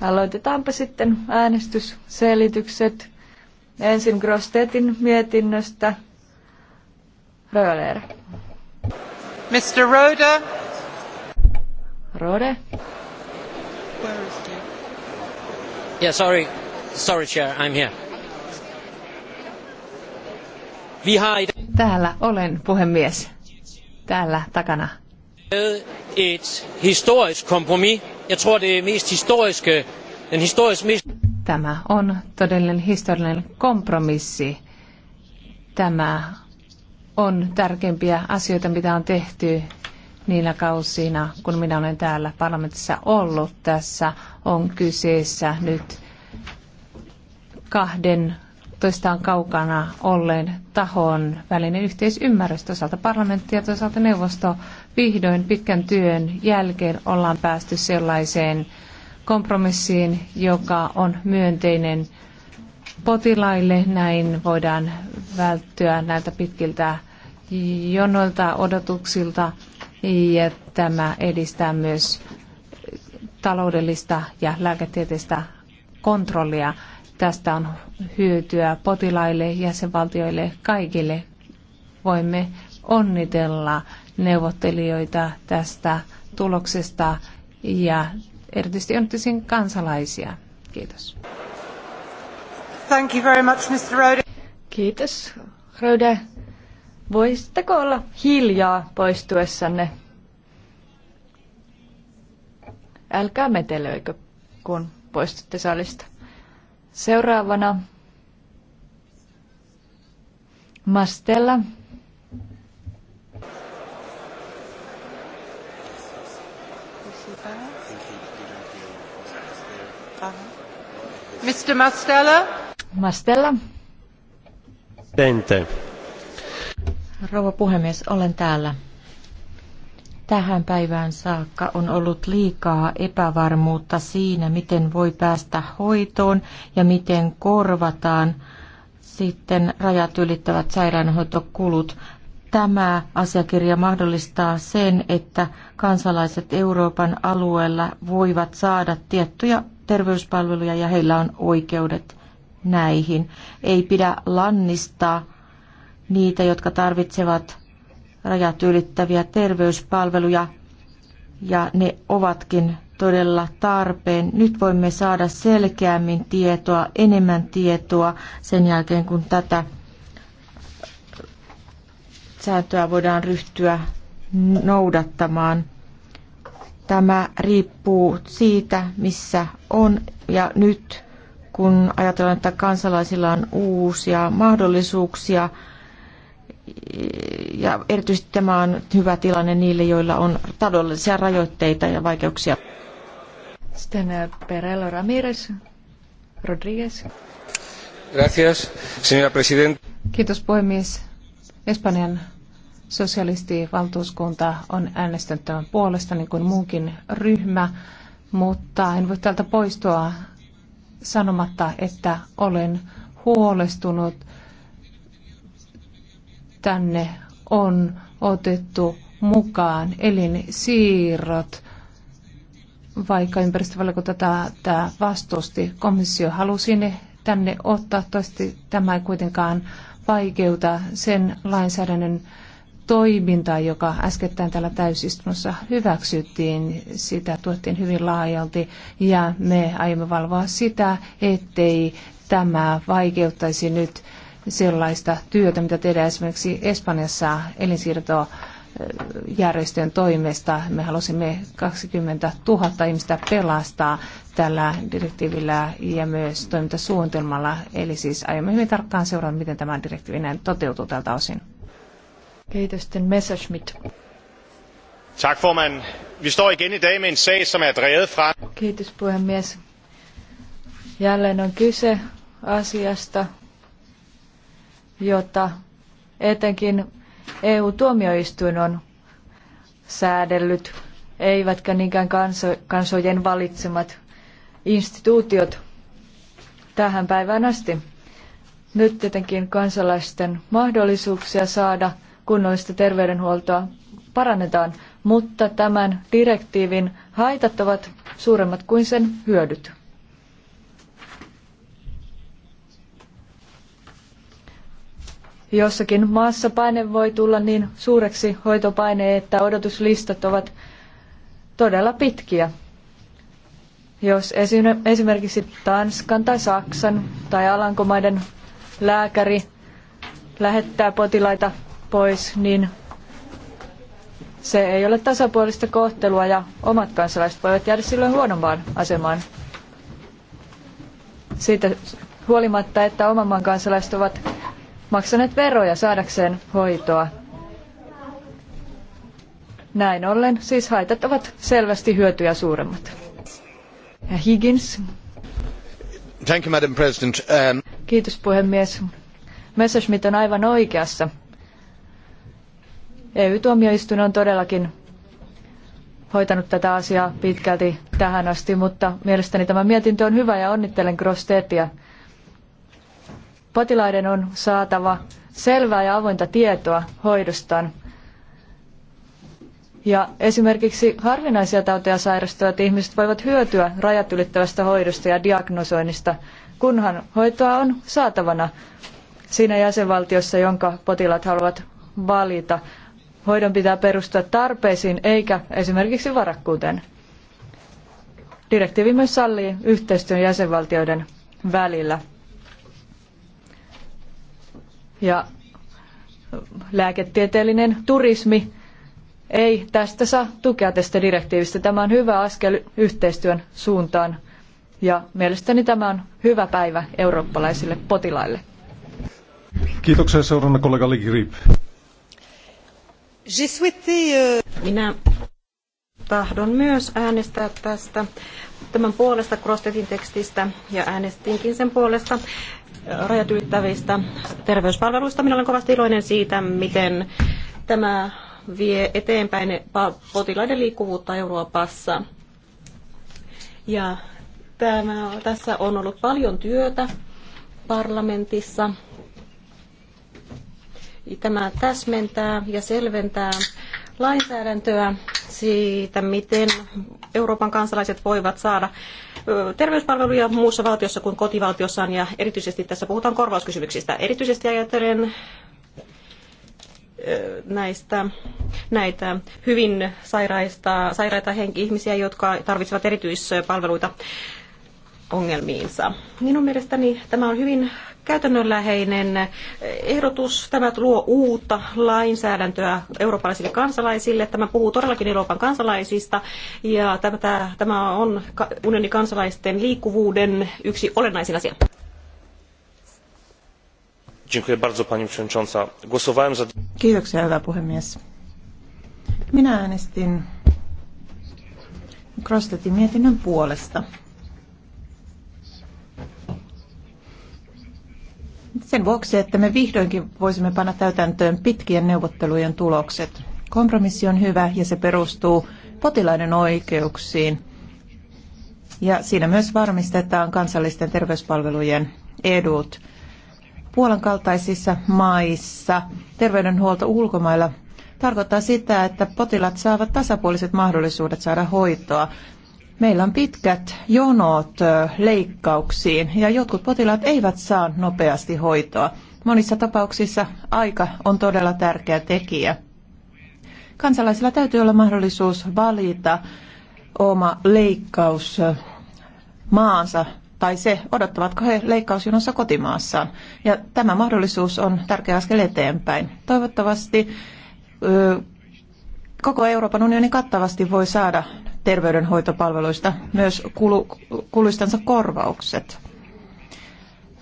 Aloitetaanpa sitten äänestysselitykset. Ensin Grostetin mietinnöstä. Röler. Mr. Rode. Rode. Where is he? Yeah, sorry. Sorry, Chair, I'm here. Behind. Täällä olen, puhemies. Täällä takana lavet et historisk kompromis. Jeg tror, det er mest historiske, den historisk mest... Tämä on todellinen historiallinen kompromissi. Tämä on tärkeimpiä asioita, mitä on tehty niillä kausina, kun minä olen täällä parlamentissa ollut. Tässä on kyseessä nyt kahden toistaan kaukana olleen tahon välinen yhteisymmärrys. Toisaalta parlamentti ja toisaalta neuvosto vihdoin pitkän työn jälkeen ollaan päästy sellaiseen kompromissiin, joka on myönteinen potilaille. Näin voidaan välttyä näiltä pitkiltä jonoilta odotuksilta ja tämä edistää myös taloudellista ja lääketieteellistä kontrollia. Tästä on hyötyä potilaille, jäsenvaltioille, kaikille. Voimme onnitella neuvottelijoita tästä tuloksesta ja erityisesti onnittelisin kansalaisia. Kiitos. Thank you very much, Mr. Rode. Kiitos, Rode. Voisitteko olla hiljaa poistuessanne? Älkää metelöikö, kun poistutte salista. Seuraavana Mastella. Mr. Mastella. Mastella. Tente. Rouva puhemies, olen täällä tähän päivään saakka on ollut liikaa epävarmuutta siinä, miten voi päästä hoitoon ja miten korvataan sitten rajat ylittävät sairaanhoitokulut. Tämä asiakirja mahdollistaa sen, että kansalaiset Euroopan alueella voivat saada tiettyjä terveyspalveluja ja heillä on oikeudet näihin. Ei pidä lannistaa niitä, jotka tarvitsevat rajat ylittäviä terveyspalveluja ja ne ovatkin todella tarpeen. Nyt voimme saada selkeämmin tietoa, enemmän tietoa sen jälkeen, kun tätä sääntöä voidaan ryhtyä noudattamaan. Tämä riippuu siitä, missä on ja nyt kun ajatellaan, että kansalaisilla on uusia mahdollisuuksia ja erityisesti tämä on hyvä tilanne niille, joilla on taloudellisia rajoitteita ja vaikeuksia. Sitten eh, Perelo Ramirez, Rodriguez. Gracias, señora presidenta. Kiitos puhemies. Espanjan sosialistivaltuuskunta on äänestänyt tämän puolesta, niin kuin muunkin ryhmä, mutta en voi täältä poistua sanomatta, että olen huolestunut – tänne on otettu mukaan elinsiirrot, vaikka ympäristövaliokunta tätä vastusti. Komissio halusi ne tänne ottaa. Toivottavasti tämä ei kuitenkaan vaikeuta sen lainsäädännön toimintaa, joka äskettäin täällä täysistunnossa hyväksyttiin. Sitä tuettiin hyvin laajalti ja me aiomme valvoa sitä, ettei tämä vaikeuttaisi nyt sellaista työtä, mitä tehdään esimerkiksi Espanjassa elinsiirto järjestöjen toimesta. Me halusimme 20 000 ihmistä pelastaa tällä direktiivillä ja myös toimintasuunnitelmalla. Eli siis aiomme hyvin tarkkaan seurata, miten tämä direktiivi näin toteutuu tältä osin. Keitosten Messerschmidt. Tak formand. Vi står igen i dag med en sag, som er drevet fra... Kiitos puhemies. Jälleen on kyse asiasta, jota etenkin EU-tuomioistuin on säädellyt, eivätkä niinkään kansojen valitsemat instituutiot tähän päivään asti. Nyt tietenkin kansalaisten mahdollisuuksia saada kunnollista terveydenhuoltoa parannetaan, mutta tämän direktiivin haitat ovat suuremmat kuin sen hyödyt. Jossakin maassa paine voi tulla niin suureksi hoitopaine, että odotuslistat ovat todella pitkiä. Jos esimerkiksi Tanskan tai Saksan tai Alankomaiden lääkäri lähettää potilaita pois, niin se ei ole tasapuolista kohtelua ja omat kansalaiset voivat jäädä silloin huonompaan asemaan. Siitä huolimatta, että oman maan kansalaiset ovat maksaneet veroja saadakseen hoitoa. Näin ollen siis haitat ovat selvästi hyötyjä suuremmat. Higgins. Thank you, Madam President. Um... Kiitos puhemies. Messerschmitt on aivan oikeassa. EU-tuomioistuin on todellakin hoitanut tätä asiaa pitkälti tähän asti, mutta mielestäni tämä mietintö on hyvä ja onnittelen Grostetia Potilaiden on saatava selvää ja avointa tietoa hoidostaan. Ja esimerkiksi harvinaisia tauteja sairastavat ihmiset voivat hyötyä rajat ylittävästä hoidosta ja diagnosoinnista, kunhan hoitoa on saatavana siinä jäsenvaltiossa, jonka potilaat haluavat valita. Hoidon pitää perustua tarpeisiin eikä esimerkiksi varakkuuteen. Direktiivi myös sallii yhteistyön jäsenvaltioiden välillä ja lääketieteellinen turismi ei tästä saa tukea tästä direktiivistä. Tämä on hyvä askel yhteistyön suuntaan ja mielestäni tämä on hyvä päivä eurooppalaisille potilaille. Kiitoksia seurana kollega Ligrip. Euh, Minä tahdon myös äänestää tästä tämän puolesta Krostetin tekstistä ja äänestinkin sen puolesta rajat ylittävistä terveyspalveluista. Minä olen kovasti iloinen siitä, miten tämä vie eteenpäin potilaiden liikkuvuutta Euroopassa. Ja tämä, tässä on ollut paljon työtä parlamentissa. Tämä täsmentää ja selventää lainsäädäntöä siitä, miten Euroopan kansalaiset voivat saada terveyspalveluja muussa valtiossa kuin kotivaltiossaan ja erityisesti tässä puhutaan korvauskysymyksistä. Erityisesti ajattelen näistä, näitä hyvin sairaista, sairaita henki ihmisiä, jotka tarvitsevat erityispalveluita ongelmiinsa. Minun mielestäni tämä on hyvin käytännönläheinen ehdotus. Tämä luo uutta lainsäädäntöä eurooppalaisille kansalaisille. Tämä puhuu todellakin Euroopan kansalaisista ja tämä, tämä on unionin kansalaisten liikkuvuuden yksi olennaisin asia. Kiitoksia, hyvä puhemies. Minä äänestin Krostetin mietinnön puolesta. Sen vuoksi, että me vihdoinkin voisimme panna täytäntöön pitkien neuvottelujen tulokset. Kompromissi on hyvä ja se perustuu potilaiden oikeuksiin. Ja siinä myös varmistetaan kansallisten terveyspalvelujen edut. Puolan kaltaisissa maissa terveydenhuolto ulkomailla tarkoittaa sitä, että potilaat saavat tasapuoliset mahdollisuudet saada hoitoa. Meillä on pitkät jonot leikkauksiin ja jotkut potilaat eivät saa nopeasti hoitoa. Monissa tapauksissa aika on todella tärkeä tekijä. Kansalaisilla täytyy olla mahdollisuus valita oma leikkaus maansa tai se, odottavatko he leikkausjonossa kotimaassaan. Ja tämä mahdollisuus on tärkeä askel eteenpäin. Toivottavasti koko Euroopan unioni kattavasti voi saada terveydenhoitopalveluista myös kulu, kuluistansa korvaukset.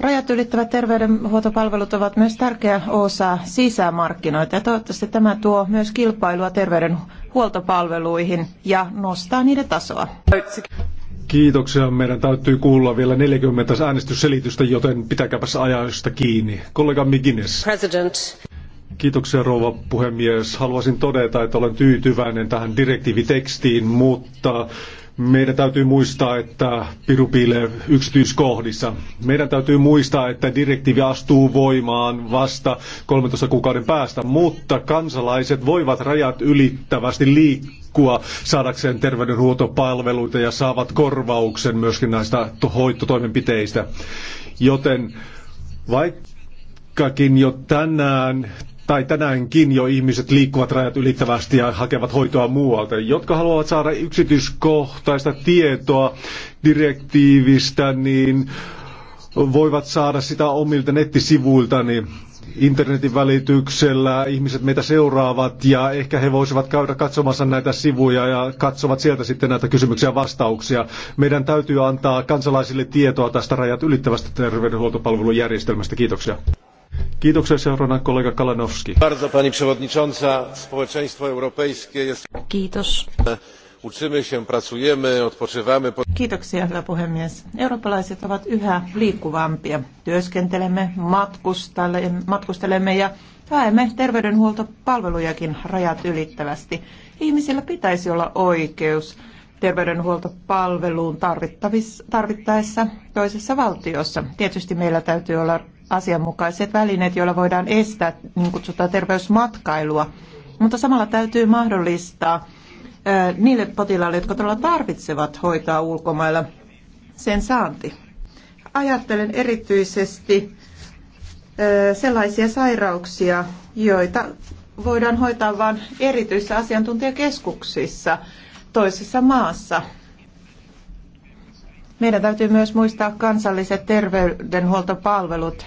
Rajat ylittävät terveydenhuoltopalvelut ovat myös tärkeä osa sisämarkkinoita ja toivottavasti tämä tuo myös kilpailua terveydenhuoltopalveluihin ja nostaa niiden tasoa. Kiitoksia. Meidän täytyy kuulla vielä 40 äänestysselitystä, joten pitäkääpäs ajoista kiinni. Kollega Miginis. President. Kiitoksia rouva puhemies. Haluaisin todeta, että olen tyytyväinen tähän direktiivitekstiin, mutta meidän täytyy muistaa, että piru piilee yksityiskohdissa. Meidän täytyy muistaa, että direktiivi astuu voimaan vasta 13 kuukauden päästä, mutta kansalaiset voivat rajat ylittävästi liikkua saadakseen terveydenhuoltopalveluita ja saavat korvauksen myöskin näistä hoitotoimenpiteistä. Joten vaikkakin jo tänään tai tänäänkin jo ihmiset liikkuvat rajat ylittävästi ja hakevat hoitoa muualta. Jotka haluavat saada yksityiskohtaista tietoa direktiivistä, niin voivat saada sitä omilta niin Internetin välityksellä ihmiset meitä seuraavat ja ehkä he voisivat käydä katsomassa näitä sivuja ja katsovat sieltä sitten näitä kysymyksiä ja vastauksia. Meidän täytyy antaa kansalaisille tietoa tästä rajat ylittävästä terveydenhuoltopalvelujärjestelmästä. Kiitoksia. Kiitoksia kollega pani Kiitos. hyvä puhemies. Eurooppalaiset ovat yhä liikkuvampia. Työskentelemme, matkustelemme ja haemme terveydenhuoltopalvelujakin rajat ylittävästi. Ihmisillä pitäisi olla oikeus terveydenhuoltopalveluun tarvittaessa toisessa valtiossa. Tietysti meillä täytyy olla asianmukaiset välineet, joilla voidaan estää niin kutsutaan terveysmatkailua. Mutta samalla täytyy mahdollistaa niille potilaille, jotka todella tarvitsevat hoitaa ulkomailla sen saanti. Ajattelen erityisesti sellaisia sairauksia, joita voidaan hoitaa vain erityisissä asiantuntijakeskuksissa toisessa maassa. Meidän täytyy myös muistaa kansalliset terveydenhuoltopalvelut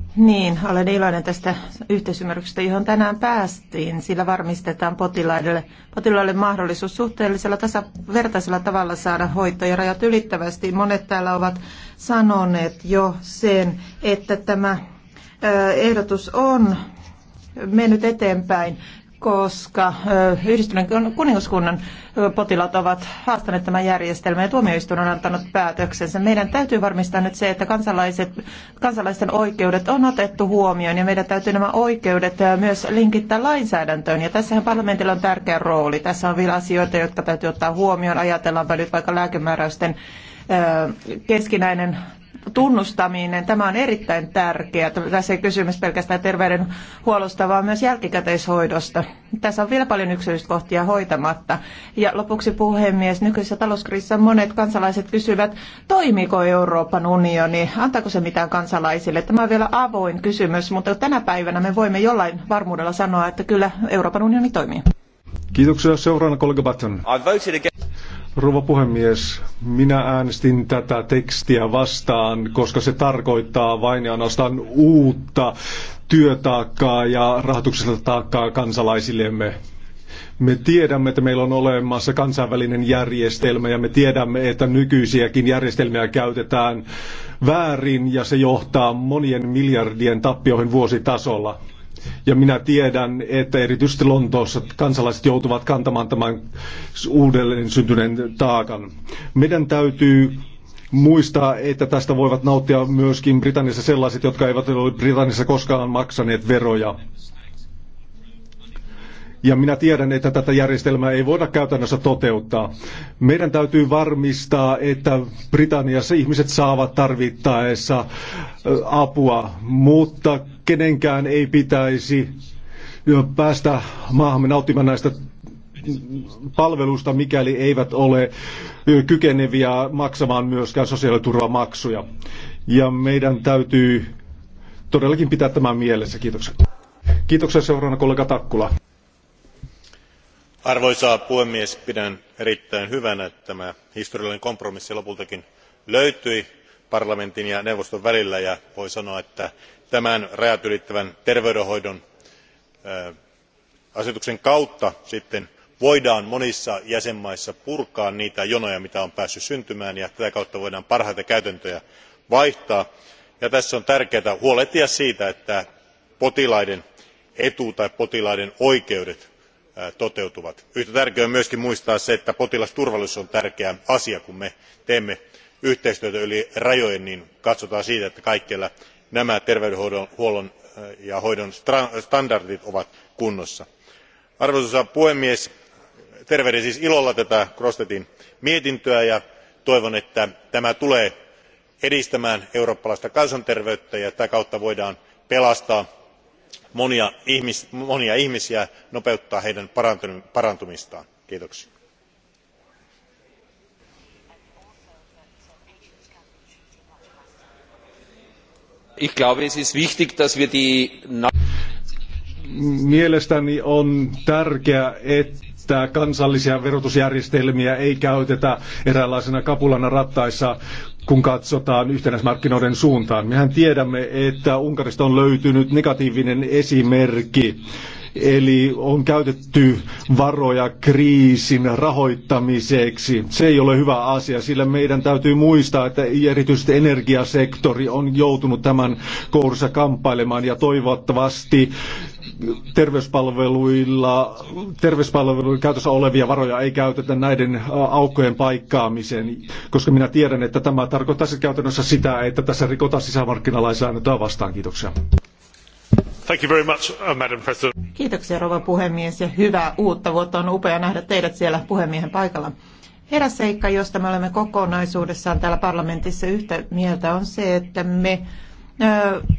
Niin, olen iloinen tästä yhteisymmärryksestä, johon tänään päästiin. Sillä varmistetaan potilaille, potilaille mahdollisuus suhteellisella tasavertaisella tavalla saada hoitoja rajat ylittävästi. Monet täällä ovat sanoneet jo sen, että tämä ehdotus on mennyt eteenpäin koska yhdistyneen kuningaskunnan potilaat ovat haastaneet tämän järjestelmän ja tuomioistuin on antanut päätöksensä. Meidän täytyy varmistaa nyt se, että kansalaiset, kansalaisten oikeudet on otettu huomioon ja meidän täytyy nämä oikeudet myös linkittää lainsäädäntöön. Ja tässähän parlamentilla on tärkeä rooli. Tässä on vielä asioita, jotka täytyy ottaa huomioon. Ajatellaanpa nyt vaikka lääkemääräysten keskinäinen tunnustaminen, tämä on erittäin tärkeää. Tässä ei kysymys pelkästään terveydenhuollosta, vaan myös jälkikäteishoidosta. Tässä on vielä paljon yksityiskohtia hoitamatta. Ja lopuksi puhemies, nykyisessä talouskriisissä monet kansalaiset kysyvät, toimiiko Euroopan unioni, antaako se mitään kansalaisille. Tämä on vielä avoin kysymys, mutta tänä päivänä me voimme jollain varmuudella sanoa, että kyllä Euroopan unioni toimii. Kiitoksia. Seuraavana kollega Button. Rouva puhemies, minä äänestin tätä tekstiä vastaan, koska se tarkoittaa vain ja ainoastaan uutta työtaakkaa ja rahoituksesta taakkaa kansalaisillemme. Me tiedämme, että meillä on olemassa kansainvälinen järjestelmä ja me tiedämme, että nykyisiäkin järjestelmiä käytetään väärin ja se johtaa monien miljardien tappioihin vuositasolla. Ja minä tiedän, että erityisesti Lontoossa kansalaiset joutuvat kantamaan tämän uudelleen syntyneen taakan. Meidän täytyy muistaa, että tästä voivat nauttia myöskin Britanniassa sellaiset, jotka eivät ole Britanniassa koskaan maksaneet veroja. Ja minä tiedän, että tätä järjestelmää ei voida käytännössä toteuttaa. Meidän täytyy varmistaa, että Britanniassa ihmiset saavat tarvittaessa apua, mutta kenenkään ei pitäisi päästä maahamme nauttimaan näistä palvelusta, mikäli eivät ole kykeneviä maksamaan myöskään sosiaaliturvamaksuja. Ja meidän täytyy todellakin pitää tämä mielessä. Kiitoksia. Kiitoksia seuraavana kollega Takkula arvoisa puhemies pidän erittäin hyvänä että tämä historiallinen kompromissi lopultakin löytyi parlamentin ja neuvoston välillä ja voi sanoa että tämän rajat ylittävän terveydenhoidon asetuksen kautta sitten voidaan monissa jäsenvaltioissa purkaa niitä jonoja joita on päässyt syntymään ja tätä kautta voidaan parhaita käytäntöjä vaihtaa. tässä on tärkeää huolehtia siitä että potilaiden etu tai potilaiden oikeudet toteutuvat. yhtä tärkeää on myös muistaa se että potilasturvallisuus on tärkeä asia. kun me teemme yhteistyötä yli rajojen niin katsotaan että kaikkialla nämä terveydenhuollon ja hoidon standardit ovat kunnossa. arvoisa puhemies tervehdin siis ilolla tätä grostetin mietintöä ja toivon että tämä tulee edistämään eurooppalaista kansanterveyttä ja tätä kautta voidaan pelastaa monia ihmisiä ja nopeuttaa heidän parantumistaan. kiitoksia. ich Mielestäni on tärkeää, että kansallisia verotusjärjestelmiä ei käytetä eräänlaisena kapulana rattaissa, kun katsotaan yhtenäismarkkinoiden suuntaan. Mehän tiedämme, että Unkarista on löytynyt negatiivinen esimerkki, eli on käytetty varoja kriisin rahoittamiseksi. Se ei ole hyvä asia, sillä meidän täytyy muistaa, että erityisesti energiasektori on joutunut tämän kourussa kamppailemaan ja toivottavasti terveyspalveluilla, terveyspalveluilla käytössä olevia varoja ei käytetä näiden aukkojen paikkaamiseen, koska minä tiedän, että tämä tarkoittaisi käytännössä sitä, että tässä rikotaan sisämarkkinalainsäädäntöä vastaan. Kiitoksia. Thank you very much, uh, Madam President. Kiitoksia rouva puhemies ja hyvää uutta vuotta. On upea nähdä teidät siellä puhemiehen paikalla. Eräs seikka, josta me olemme kokonaisuudessaan täällä parlamentissa yhtä mieltä, on se, että me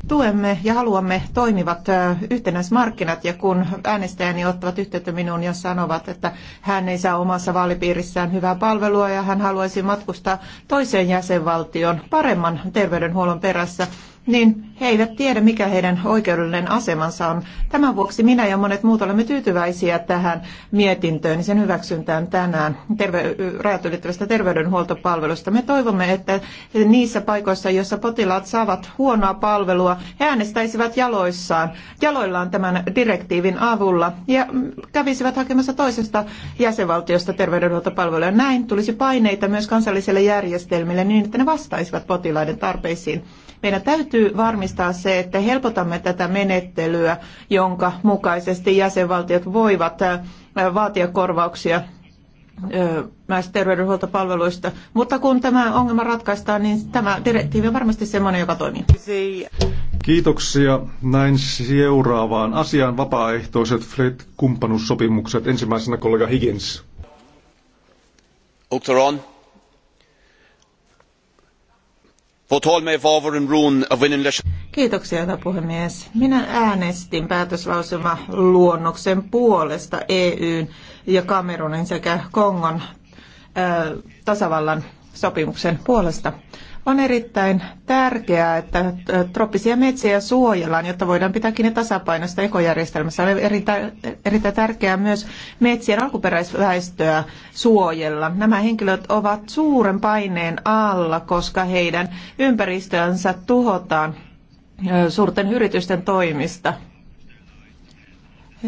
tuemme ja haluamme toimivat yhtenäismarkkinat ja kun äänestäjäni ottavat yhteyttä minuun ja sanovat, että hän ei saa omassa vaalipiirissään hyvää palvelua ja hän haluaisi matkustaa toiseen jäsenvaltioon paremman terveydenhuollon perässä, niin he eivät tiedä, mikä heidän oikeudellinen asemansa on. Tämän vuoksi minä ja monet muut olemme tyytyväisiä tähän mietintöön ja sen hyväksyntään tänään terve- rajat ylittävästä terveydenhuoltopalvelusta. Me toivomme, että niissä paikoissa, joissa potilaat saavat huonoa palvelua, he äänestäisivät jaloissaan, jaloillaan tämän direktiivin avulla ja kävisivät hakemassa toisesta jäsenvaltiosta terveydenhuoltopalveluja. Näin tulisi paineita myös kansallisille järjestelmille niin, että ne vastaisivat potilaiden tarpeisiin. Meidän täytyy varmistaa se, että helpotamme tätä menettelyä, jonka mukaisesti jäsenvaltiot voivat äh, vaatia korvauksia äh, näistä terveydenhuoltopalveluista. Mutta kun tämä ongelma ratkaistaan, niin tämä direktiivi on varmasti sellainen, joka toimii. Kiitoksia. Näin seuraavaan asiaan vapaaehtoiset FLET-kumppanuussopimukset. Ensimmäisenä kollega Higgins. Dr. Kiitoksia, herra puhemies. Minä äänestin päätöslausema luonnoksen puolesta EUn ja Kamerunin sekä Kongon äh, tasavallan sopimuksen puolesta. On erittäin tärkeää, että trooppisia metsiä suojellaan, jotta voidaan pitää kiinni tasapainosta ekojärjestelmässä. On erittäin, erittäin tärkeää myös metsien alkuperäisväestöä suojella. Nämä henkilöt ovat suuren paineen alla, koska heidän ympäristöönsä tuhotaan suurten yritysten toimista.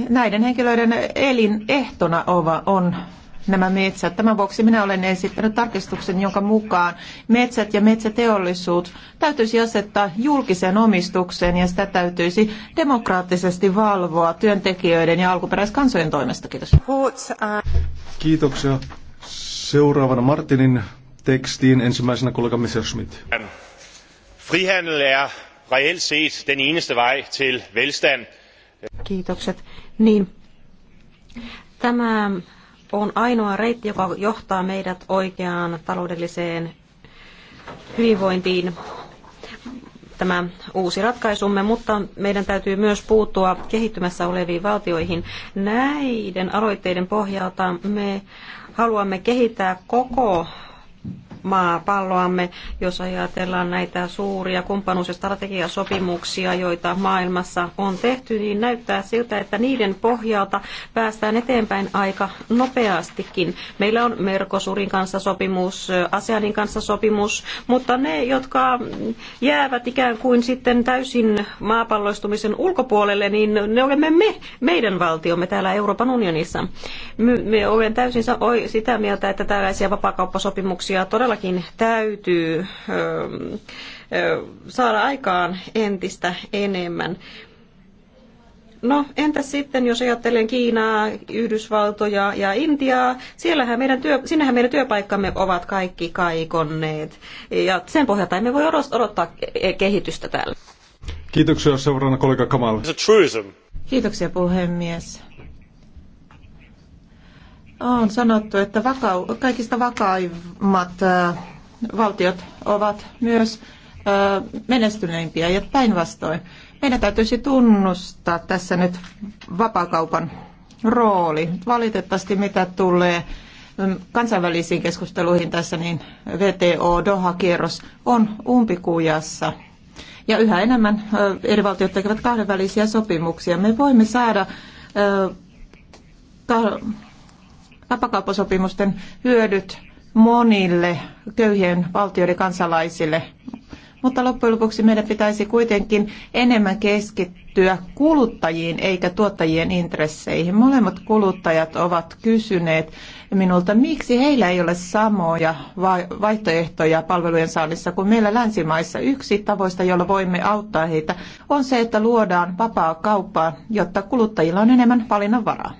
Näiden henkilöiden elinehtona on nämä metsät. Tämän vuoksi minä olen esittänyt tarkistuksen, jonka mukaan metsät ja metsäteollisuus täytyisi asettaa julkiseen omistukseen ja sitä täytyisi demokraattisesti valvoa työntekijöiden ja alkuperäiskansojen toimesta. Kiitos. Kiitoksia. Seuraavana Martinin tekstiin ensimmäisenä kollega Schmidt. Frihandel er reelt set den eneste vej til velstand. Kiitokset. Niin. Tämä on ainoa reitti, joka johtaa meidät oikeaan taloudelliseen hyvinvointiin tämä uusi ratkaisumme, mutta meidän täytyy myös puuttua kehittymässä oleviin valtioihin. Näiden aloitteiden pohjalta me haluamme kehittää koko maapalloamme, jos ajatellaan näitä suuria kumppanuus- ja strategiasopimuksia, joita maailmassa on tehty, niin näyttää siltä, että niiden pohjalta päästään eteenpäin aika nopeastikin. Meillä on Merkosurin kanssa sopimus, ASEANin kanssa sopimus, mutta ne, jotka jäävät ikään kuin sitten täysin maapalloistumisen ulkopuolelle, niin ne olemme me, meidän valtiomme täällä Euroopan unionissa. Me, me olen täysin sitä mieltä, että tällaisia vapaakauppasopimuksia todella todellakin täytyy saada aikaan entistä enemmän. No entä sitten, jos ajattelen Kiinaa, Yhdysvaltoja ja Intiaa, siellähän meidän työ, sinnehän meidän työpaikkamme ovat kaikki kaikonneet. Ja sen pohjalta emme voi odottaa kehitystä täällä. Kiitoksia seuraavana kollega Kamal. Kiitoksia puhemies. On sanottu, että vakau- kaikista vakaimmat valtiot ovat myös menestyneimpiä ja päinvastoin. Meidän täytyisi tunnustaa tässä nyt vapakaupan rooli. Valitettavasti mitä tulee kansainvälisiin keskusteluihin tässä, niin VTO Doha-kierros on umpikujassa. Ja yhä enemmän eri valtiot tekevät kahdenvälisiä sopimuksia. Me voimme saada vapakauppasopimusten hyödyt monille köyhien valtioiden kansalaisille. Mutta loppujen lopuksi meidän pitäisi kuitenkin enemmän keskittyä kuluttajiin eikä tuottajien intresseihin. Molemmat kuluttajat ovat kysyneet minulta, miksi heillä ei ole samoja vaihtoehtoja palvelujen saannissa kuin meillä länsimaissa. Yksi tavoista, jolla voimme auttaa heitä, on se, että luodaan vapaa kauppaa, jotta kuluttajilla on enemmän valinnanvaraa.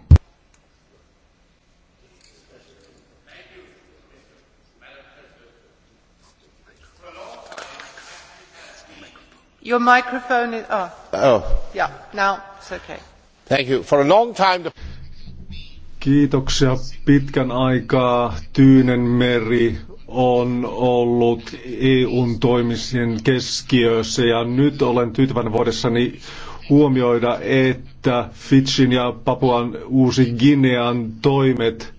Kiitoksia. Pitkän aikaa Tyynenmeri on ollut EUn toimisien keskiössä ja nyt olen tyytyväinen vuodessani huomioida, että Fitchin ja Papuan uusi Ginean toimet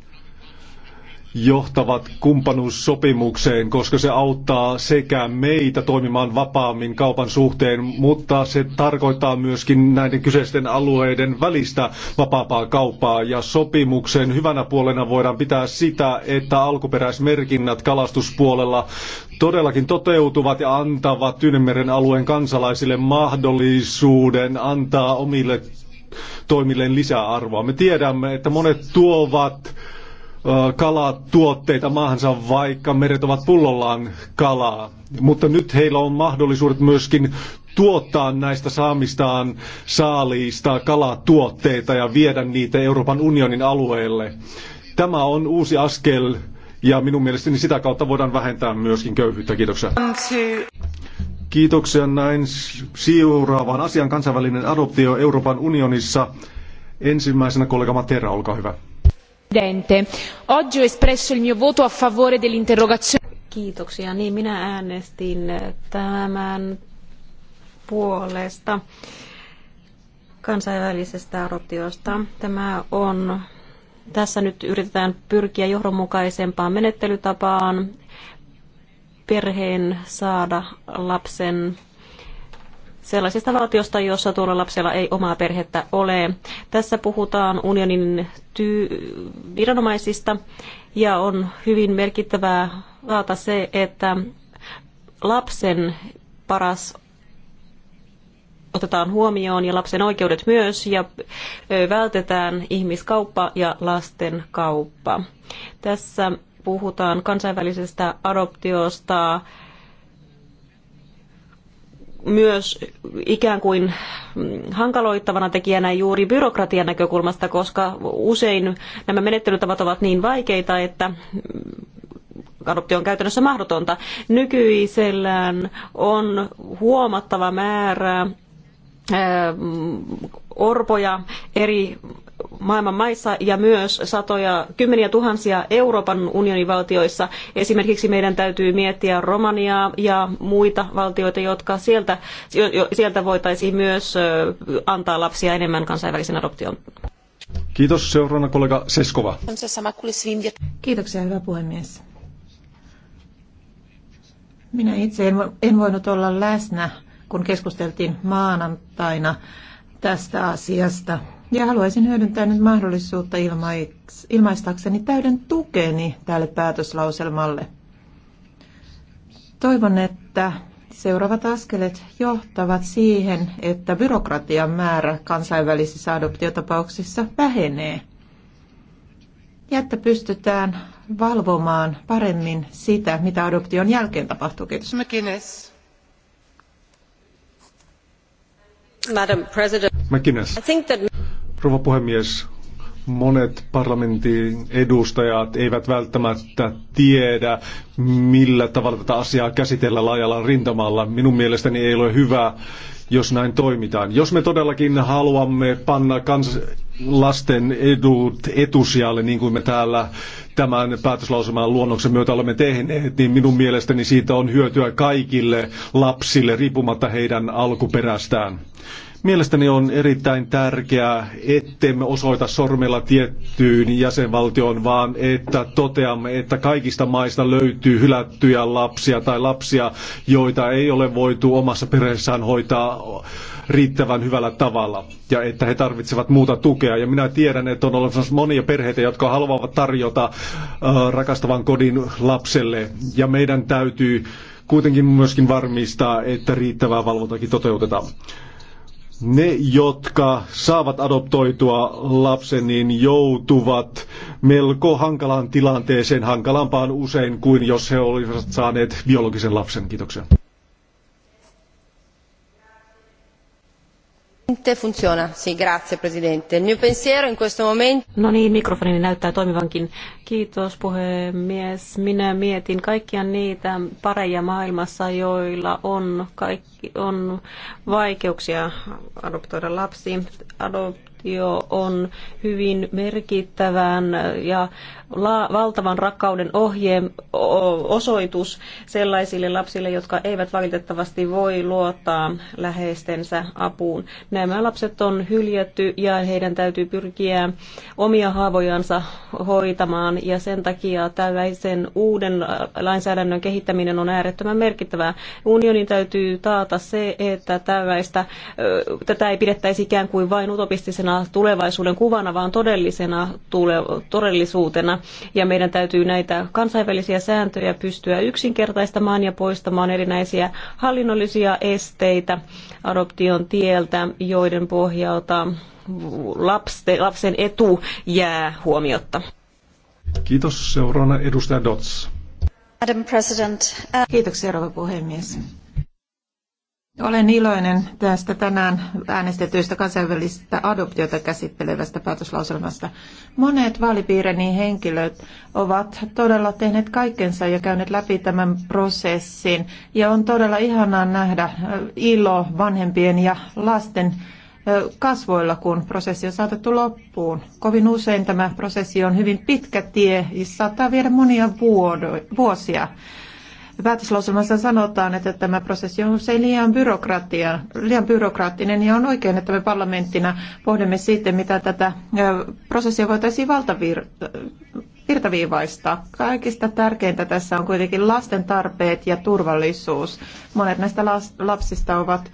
johtavat kumppanuussopimukseen, koska se auttaa sekä meitä toimimaan vapaammin kaupan suhteen, mutta se tarkoittaa myöskin näiden kyseisten alueiden välistä vapaapaa kauppaa. Ja sopimuksen hyvänä puolena voidaan pitää sitä, että alkuperäismerkinnät kalastuspuolella todellakin toteutuvat ja antavat Tyynemeren alueen kansalaisille mahdollisuuden antaa omille toimilleen lisäarvoa. Me tiedämme, että monet tuovat Äh, kalatuotteita maahansa, vaikka meret ovat pullollaan kalaa. Mutta nyt heillä on mahdollisuudet myöskin tuottaa näistä saamistaan saaliista kalatuotteita ja viedä niitä Euroopan unionin alueelle. Tämä on uusi askel ja minun mielestäni sitä kautta voidaan vähentää myöskin köyhyyttä. Kiitoksia. Kiitoksia näin seuraavaan asian kansainvälinen adoptio Euroopan unionissa. Ensimmäisenä kollega Matera, olkaa hyvä. Presidente, oggi ho espresso il mio voto a favore dell'interrogazione. Kiitoksia. Niin minä äänestin tämän puolesta kansainvälisestä adoptiosta. Tämä on, tässä nyt yritetään pyrkiä johdonmukaisempaan menettelytapaan perheen saada lapsen sellaisesta valtiosta, jossa tuolla lapsella ei omaa perhettä ole. Tässä puhutaan unionin ty- viranomaisista ja on hyvin merkittävää taata se, että lapsen paras otetaan huomioon ja lapsen oikeudet myös ja vältetään ihmiskauppa ja lasten kauppa. Tässä puhutaan kansainvälisestä adoptiosta, myös ikään kuin hankaloittavana tekijänä juuri byrokratian näkökulmasta, koska usein nämä menettelytavat ovat niin vaikeita, että adoptio on käytännössä mahdotonta. Nykyisellään on huomattava määrä orpoja eri maailman maissa ja myös satoja, kymmeniä tuhansia Euroopan unionin valtioissa. Esimerkiksi meidän täytyy miettiä Romaniaa ja muita valtioita, jotka sieltä, sieltä voitaisiin myös antaa lapsia enemmän kansainvälisen adoption. Kiitos seuraavana kollega Seskova. Kiitoksia hyvä puhemies. Minä itse en, en voinut olla läsnä, kun keskusteltiin maanantaina tästä asiasta ja haluaisin hyödyntää nyt mahdollisuutta ilmaistakseni täyden tukeni tälle päätöslauselmalle. Toivon, että seuraavat askelet johtavat siihen, että byrokratian määrä kansainvälisissä adoptiotapauksissa vähenee ja että pystytään valvomaan paremmin sitä, mitä adoption jälkeen tapahtuu. Kiitos. McInnes. Madam President. McInnes. I think that... Rouva puhemies, monet parlamentin edustajat eivät välttämättä tiedä, millä tavalla tätä asiaa käsitellä laajalla rintamalla. Minun mielestäni ei ole hyvä, jos näin toimitaan. Jos me todellakin haluamme panna kans lasten edut etusijalle, niin kuin me täällä tämän päätöslauselman luonnoksen myötä olemme tehneet, niin minun mielestäni siitä on hyötyä kaikille lapsille, riippumatta heidän alkuperästään. Mielestäni on erittäin tärkeää, ettemme osoita sormella tiettyyn jäsenvaltioon, vaan että toteamme, että kaikista maista löytyy hylättyjä lapsia tai lapsia, joita ei ole voitu omassa perheessään hoitaa riittävän hyvällä tavalla ja että he tarvitsevat muuta tukea. Ja minä tiedän, että on olemassa monia perheitä, jotka haluavat tarjota rakastavan kodin lapselle ja meidän täytyy kuitenkin myöskin varmistaa, että riittävää valvontakin toteutetaan ne, jotka saavat adoptoitua lapsen, niin joutuvat melko hankalaan tilanteeseen, hankalampaan usein kuin jos he olisivat saaneet biologisen lapsen. Kiitoksia. No niin, mikrofoni näyttää toimivankin. Kiitos puhemies. Minä mietin kaikkia niitä pareja maailmassa, joilla on, kaikki, on vaikeuksia adoptoida lapsi. Adoptio on hyvin merkittävän ja valtavan rakkauden ohjeen osoitus sellaisille lapsille, jotka eivät valitettavasti voi luottaa läheistensä apuun. Nämä lapset on hyljätty ja heidän täytyy pyrkiä omia haavojansa hoitamaan ja sen takia tällaisen uuden lainsäädännön kehittäminen on äärettömän merkittävää. Unionin täytyy taata se, että tällaista, tätä ei pidettäisi ikään kuin vain utopistisena tulevaisuuden kuvana, vaan todellisena tule, todellisuutena ja meidän täytyy näitä kansainvälisiä sääntöjä pystyä yksinkertaistamaan ja poistamaan erinäisiä hallinnollisia esteitä adoption tieltä, joiden pohjalta lapsen etu jää huomiotta. Kiitos. Seuraavana edustaja Dots. President. Uh, Kiitoksia, rouva puhemies. Olen iloinen tästä tänään äänestetyistä kansainvälistä adoptiota käsittelevästä päätöslauselmasta. Monet vaalipiireni henkilöt ovat todella tehneet kaikkensa ja käyneet läpi tämän prosessin. Ja on todella ihanaa nähdä ilo vanhempien ja lasten kasvoilla, kun prosessi on saatettu loppuun. Kovin usein tämä prosessi on hyvin pitkä tie ja saattaa viedä monia vuosia. Päätöslauselmassa sanotaan, että tämä prosessi on usein liian, byrokratia, liian byrokraattinen ja on oikein, että me parlamenttina pohdimme sitten, mitä tätä prosessia voitaisiin valtavirtaviivaistaa. Kaikista tärkeintä tässä on kuitenkin lasten tarpeet ja turvallisuus. Monet näistä lapsista ovat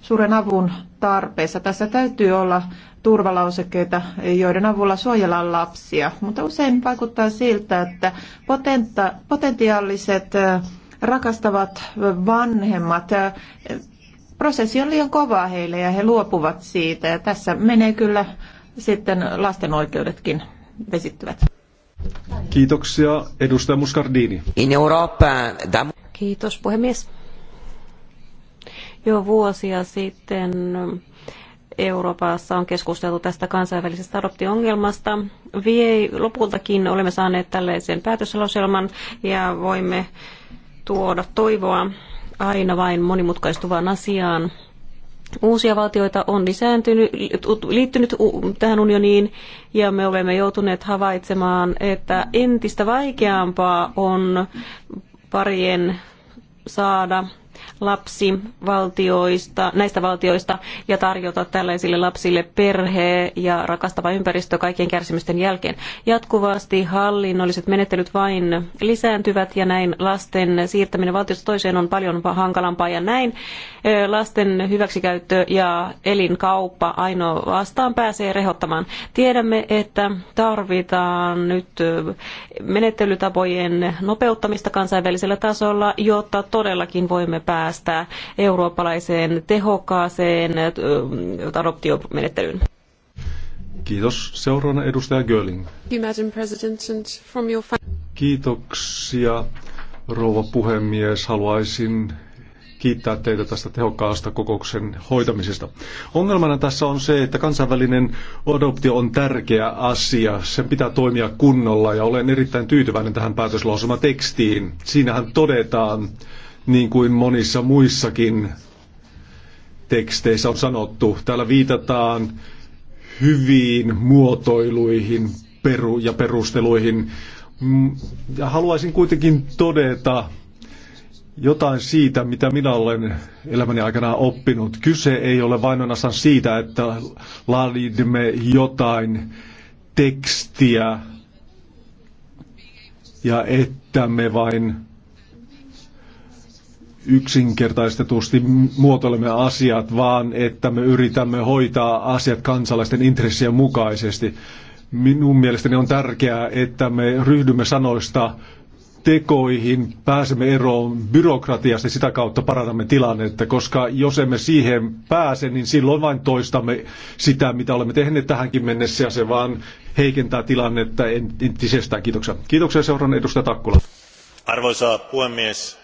suuren avun tarpeessa. Tässä täytyy olla turvalausekkeita, joiden avulla suojellaan lapsia, mutta usein vaikuttaa siltä, että potentiaaliset rakastavat vanhemmat, prosessi on liian kova heille ja he luopuvat siitä ja tässä menee kyllä sitten lasten oikeudetkin vesittyvät. Kiitoksia. Edustaja Muscardini. In Europa, dam- Kiitos puhemies. Jo vuosia sitten Euroopassa on keskusteltu tästä kansainvälisestä adoptiongelmasta. Vie, lopultakin olemme saaneet tällaisen päätöslauselman ja voimme tuoda toivoa aina vain monimutkaistuvaan asiaan. Uusia valtioita on lisääntynyt, liittynyt tähän unioniin ja me olemme joutuneet havaitsemaan, että entistä vaikeampaa on parien saada lapsivaltioista, näistä valtioista ja tarjota tällaisille lapsille perhe ja rakastava ympäristö kaikkien kärsimysten jälkeen. Jatkuvasti hallinnolliset menettelyt vain lisääntyvät ja näin lasten siirtäminen valtiosta toiseen on paljon hankalampaa ja näin lasten hyväksikäyttö ja elinkauppa ainoastaan pääsee rehottamaan. Tiedämme, että tarvitaan nyt menettelytapojen nopeuttamista kansainvälisellä tasolla, jotta todellakin voimme päästä päästä eurooppalaiseen tehokkaaseen adoptiomenettelyyn. Kiitos. Seuraavana edustaja Görling. Kiitoksia, rouva puhemies. Haluaisin kiittää teitä tästä tehokkaasta kokouksen hoitamisesta. Ongelmana tässä on se, että kansainvälinen adoptio on tärkeä asia. Sen pitää toimia kunnolla ja olen erittäin tyytyväinen tähän päätöslausumatekstiin. Siinähän todetaan, niin kuin monissa muissakin teksteissä on sanottu. Täällä viitataan hyviin muotoiluihin peru- ja perusteluihin. Mm, ja haluaisin kuitenkin todeta jotain siitä, mitä minä olen elämäni aikana oppinut. Kyse ei ole vain ainoastaan siitä, että laadimme jotain tekstiä ja että me vain yksinkertaistetusti muotoilemme asiat, vaan että me yritämme hoitaa asiat kansalaisten intressien mukaisesti. Minun mielestäni on tärkeää, että me ryhdymme sanoista tekoihin, pääsemme eroon byrokratiasta ja sitä kautta parannamme tilannetta, koska jos emme siihen pääse, niin silloin vain toistamme sitä, mitä olemme tehneet tähänkin mennessä ja se vaan heikentää tilannetta entisestään. Kiitoksia. Kiitoksia seuraan edustaja Takkula. Arvoisa puhemies,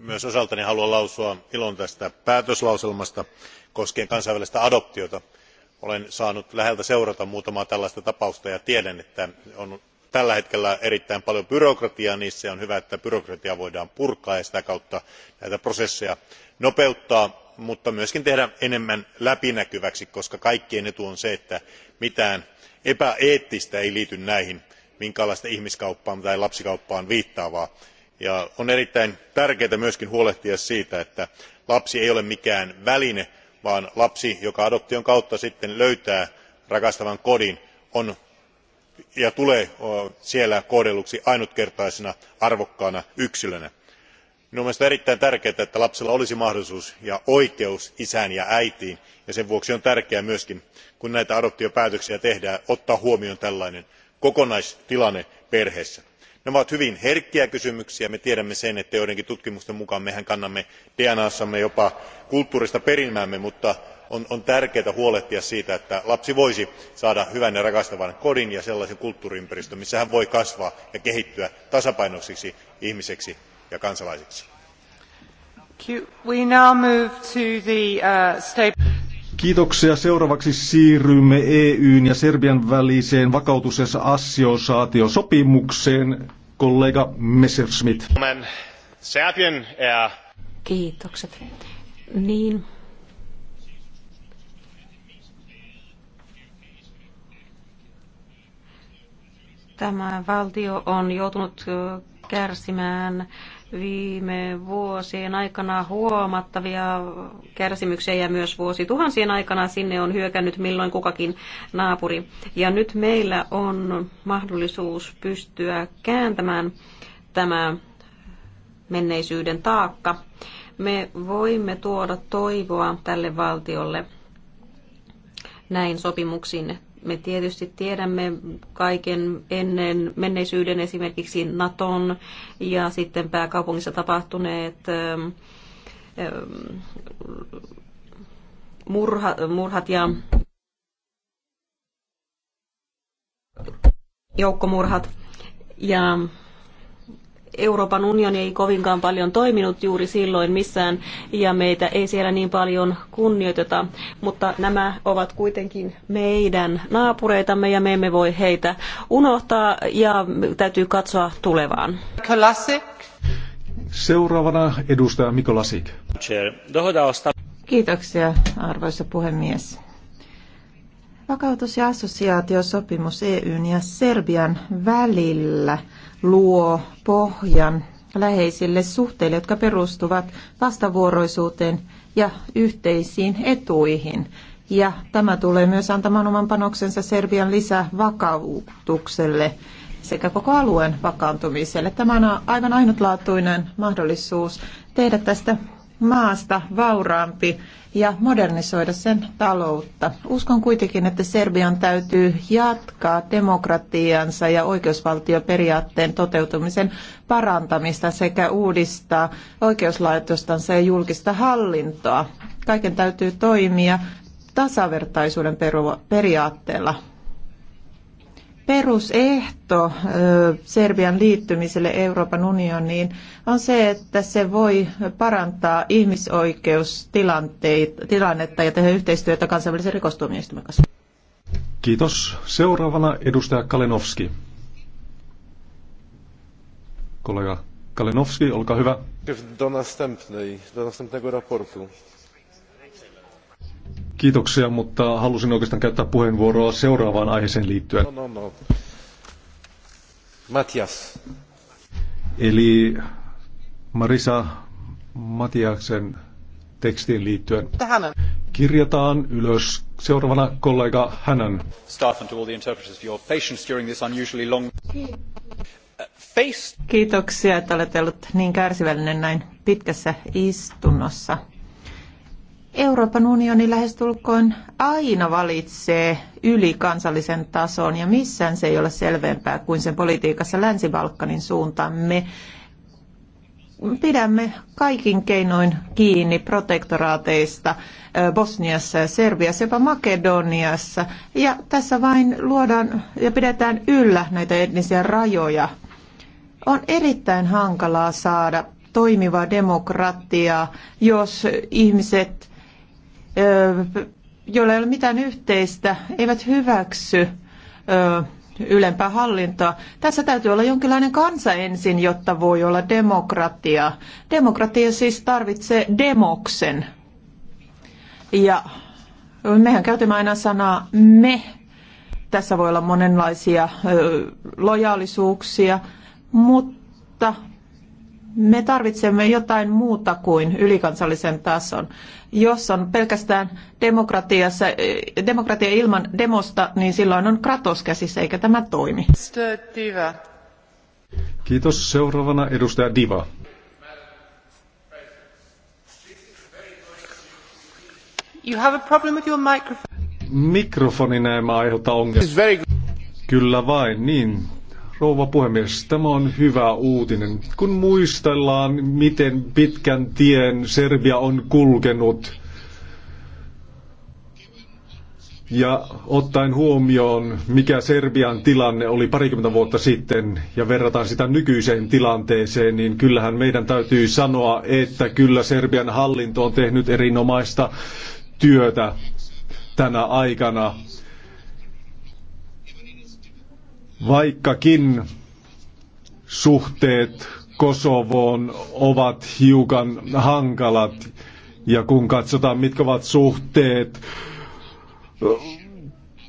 myös osaltani haluan lausua ilon tästä päätöslauselmasta koskien kansainvälistä adoptiota. olen saanut läheltä seurata muutamaa tällaista tapausta ja tiedän että on tällä hetkellä erittäin paljon byrokratiaa niissä ja on hyvä että byrokratiaa voidaan purkaa ja sitä kautta näitä prosesseja nopeuttaa mutta myös tehdä enemmän läpinäkyväksi koska kaikkien etu on se että mitään epäeettistä ei liity näihin minkäänlaista ihmiskauppaan tai lapsikauppaan viittaavaa on erittäin tärkeää myös huolehtia siitä että lapsi ei ole mikään väline vaan lapsi joka adoption kautta sitten löytää rakastavan kodin on ja tulee siellä kohdelluksi ainutkertaisena arvokkaana yksilönä. minun mielestäni on erittäin tärkeää että lapsella olisi mahdollisuus ja oikeus isään ja äitiin ja sen vuoksi on tärkeää myös kun näitä adoptiopäätöksiä tehdään ottaa huomioon tällainen kokonaistilanne perheessä ne ovat hyvin herkkiä kysymyksiä me tiedämme sen että joidenkin tutkimusten mukaan mehän kannamme dnasssamme jopa kulttuurista perimäämme mutta on tärkeää huolehtia siitä että lapsi voisi saada hyvän ja rakastavan kodin ja sellaisen kulttuuriympäristön missä hän voi kasvaa ja kehittyä tasapainoiseksi ihmiseksi ja kansalaiseksi. Kiitoksia. Seuraavaksi siirrymme EUn ja Serbian väliseen vakautus- ja assosiaatiosopimukseen. Kollega Messerschmidt. Er- Kiitokset. Niin. Tämä valtio on joutunut kärsimään viime vuosien aikana huomattavia kärsimyksiä ja myös vuosituhansien aikana sinne on hyökännyt milloin kukakin naapuri. Ja nyt meillä on mahdollisuus pystyä kääntämään tämä menneisyyden taakka. Me voimme tuoda toivoa tälle valtiolle näin sopimuksin me tietysti tiedämme kaiken ennen menneisyyden esimerkiksi Naton ja sitten pääkaupungissa tapahtuneet ähm, ähm, murhat ja joukkomurhat. Ja Euroopan unioni ei kovinkaan paljon toiminut juuri silloin missään ja meitä ei siellä niin paljon kunnioiteta, mutta nämä ovat kuitenkin meidän naapureitamme ja me emme voi heitä unohtaa ja täytyy katsoa tulevaan. Kolasik. Seuraavana edustaja Mikolasik. Kiitoksia arvoisa puhemies. Vakautus- ja assosiaatiosopimus EUn ja Serbian välillä luo pohjan läheisille suhteille, jotka perustuvat vastavuoroisuuteen ja yhteisiin etuihin. Ja tämä tulee myös antamaan oman panoksensa Serbian lisävakautukselle sekä koko alueen vakaantumiselle. Tämä on aivan ainutlaatuinen mahdollisuus tehdä tästä maasta vauraampi ja modernisoida sen taloutta. Uskon kuitenkin, että Serbian täytyy jatkaa demokratiansa ja oikeusvaltioperiaatteen toteutumisen parantamista sekä uudistaa oikeuslaitostansa ja julkista hallintoa. Kaiken täytyy toimia tasavertaisuuden periaatteella perusehto Serbian liittymiselle Euroopan unioniin on se, että se voi parantaa ihmisoikeustilannetta ja tehdä yhteistyötä kansainvälisen rikostuomioistuimen kanssa. Kiitos. Seuraavana edustaja Kalenovski. Kollega Kalenovski, olkaa hyvä. Do następnej, do następnego raportu. Kiitoksia, mutta halusin oikeastaan käyttää puheenvuoroa seuraavaan aiheeseen liittyen. No, no, no. Matias. Eli Marisa Matiaksen tekstiin liittyen. Tähän. Kirjataan ylös. Seuraavana kollega Hänen. Staff and to all the interpreters for your patience during this unusually long... Face. Kiitoksia, että olette ollut niin kärsivällinen näin pitkässä istunnossa. Euroopan unioni lähestulkoon aina valitsee ylikansallisen tason ja missään se ei ole selvempää kuin sen politiikassa Länsi-Balkanin suuntaan. Me pidämme kaikin keinoin kiinni protektoraateista Bosniassa ja Serbiassa, jopa Makedoniassa. Ja tässä vain luodaan ja pidetään yllä näitä etnisiä rajoja. On erittäin hankalaa saada toimivaa demokratiaa, jos ihmiset joilla ei ole mitään yhteistä, eivät hyväksy ylempää hallintoa. Tässä täytyy olla jonkinlainen kansa ensin, jotta voi olla demokratia. Demokratia siis tarvitsee demoksen. Ja mehän käytämme aina sanaa me. Tässä voi olla monenlaisia lojaalisuuksia, mutta me tarvitsemme jotain muuta kuin ylikansallisen tason. Jos on pelkästään demokratiassa, eh, demokratia ilman demosta, niin silloin on kratos käsissä, eikä tämä toimi. Kiitos. Seuraavana edustaja Diva. You have a problem with your microphone. Mikrofoni näemä aiheuttaa ongelmia. Kyllä vain, niin. Rouva puhemies, tämä on hyvä uutinen. Kun muistellaan, miten pitkän tien Serbia on kulkenut ja ottaen huomioon, mikä Serbian tilanne oli parikymmentä vuotta sitten ja verrataan sitä nykyiseen tilanteeseen, niin kyllähän meidän täytyy sanoa, että kyllä Serbian hallinto on tehnyt erinomaista työtä tänä aikana vaikkakin suhteet Kosovoon ovat hiukan hankalat. Ja kun katsotaan, mitkä ovat suhteet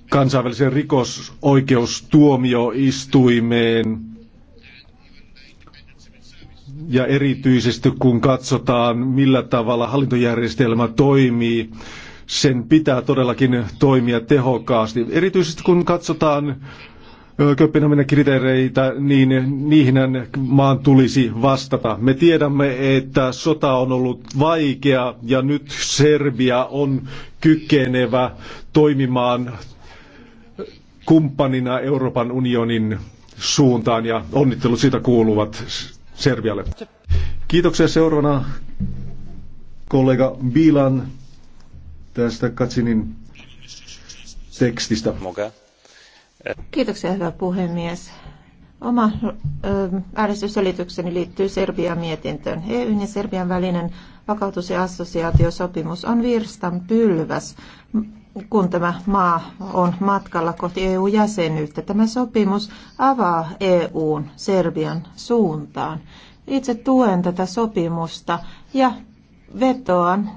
kansainvälisen rikosoikeustuomioistuimeen, ja erityisesti kun katsotaan, millä tavalla hallintojärjestelmä toimii, sen pitää todellakin toimia tehokkaasti. Erityisesti kun katsotaan Kööpenhaminan kriteereitä, niin niihin maan tulisi vastata. Me tiedämme, että sota on ollut vaikea ja nyt Serbia on kykenevä toimimaan kumppanina Euroopan unionin suuntaan ja onnittelut siitä kuuluvat Serbialle. Kiitoksia seuraavana kollega Bilan tästä Katsinin tekstistä. Okay. Kiitoksia, hyvä puhemies. Oma äänestysselitykseni liittyy Serbian mietintöön. EUn ja Serbian välinen vakautus- ja assosiaatiosopimus on virstan pylväs, kun tämä maa on matkalla kohti EU-jäsenyyttä. Tämä sopimus avaa EUn Serbian suuntaan. Itse tuen tätä sopimusta ja vetoan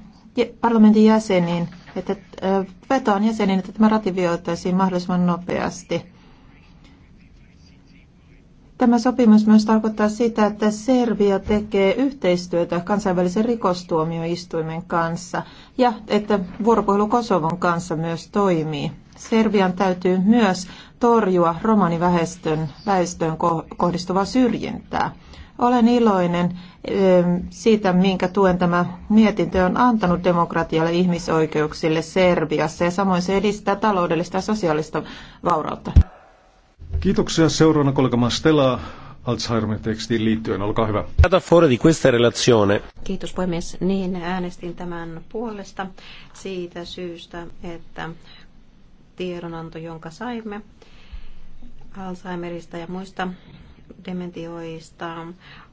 parlamentin jäseniin että vetoan jäseniin, että tämä ratifioitaisiin mahdollisimman nopeasti. Tämä sopimus myös tarkoittaa sitä, että Serbia tekee yhteistyötä kansainvälisen rikostuomioistuimen kanssa ja että vuoropuhelu Kosovon kanssa myös toimii. Serbian täytyy myös torjua romaniväestöön väestöön kohdistuvaa syrjintää. Olen iloinen ehm, siitä, minkä tuen tämä mietintö on antanut demokratialle ihmisoikeuksille Serbiassa ja samoin se edistää taloudellista ja sosiaalista vaurautta. Kiitoksia seuraavana kollega Stella Alzheimer-tekstiin liittyen. Olkaa hyvä. Kiitos puhemies. Niin äänestin tämän puolesta siitä syystä, että tiedonanto, jonka saimme Alzheimerista ja muista dementioista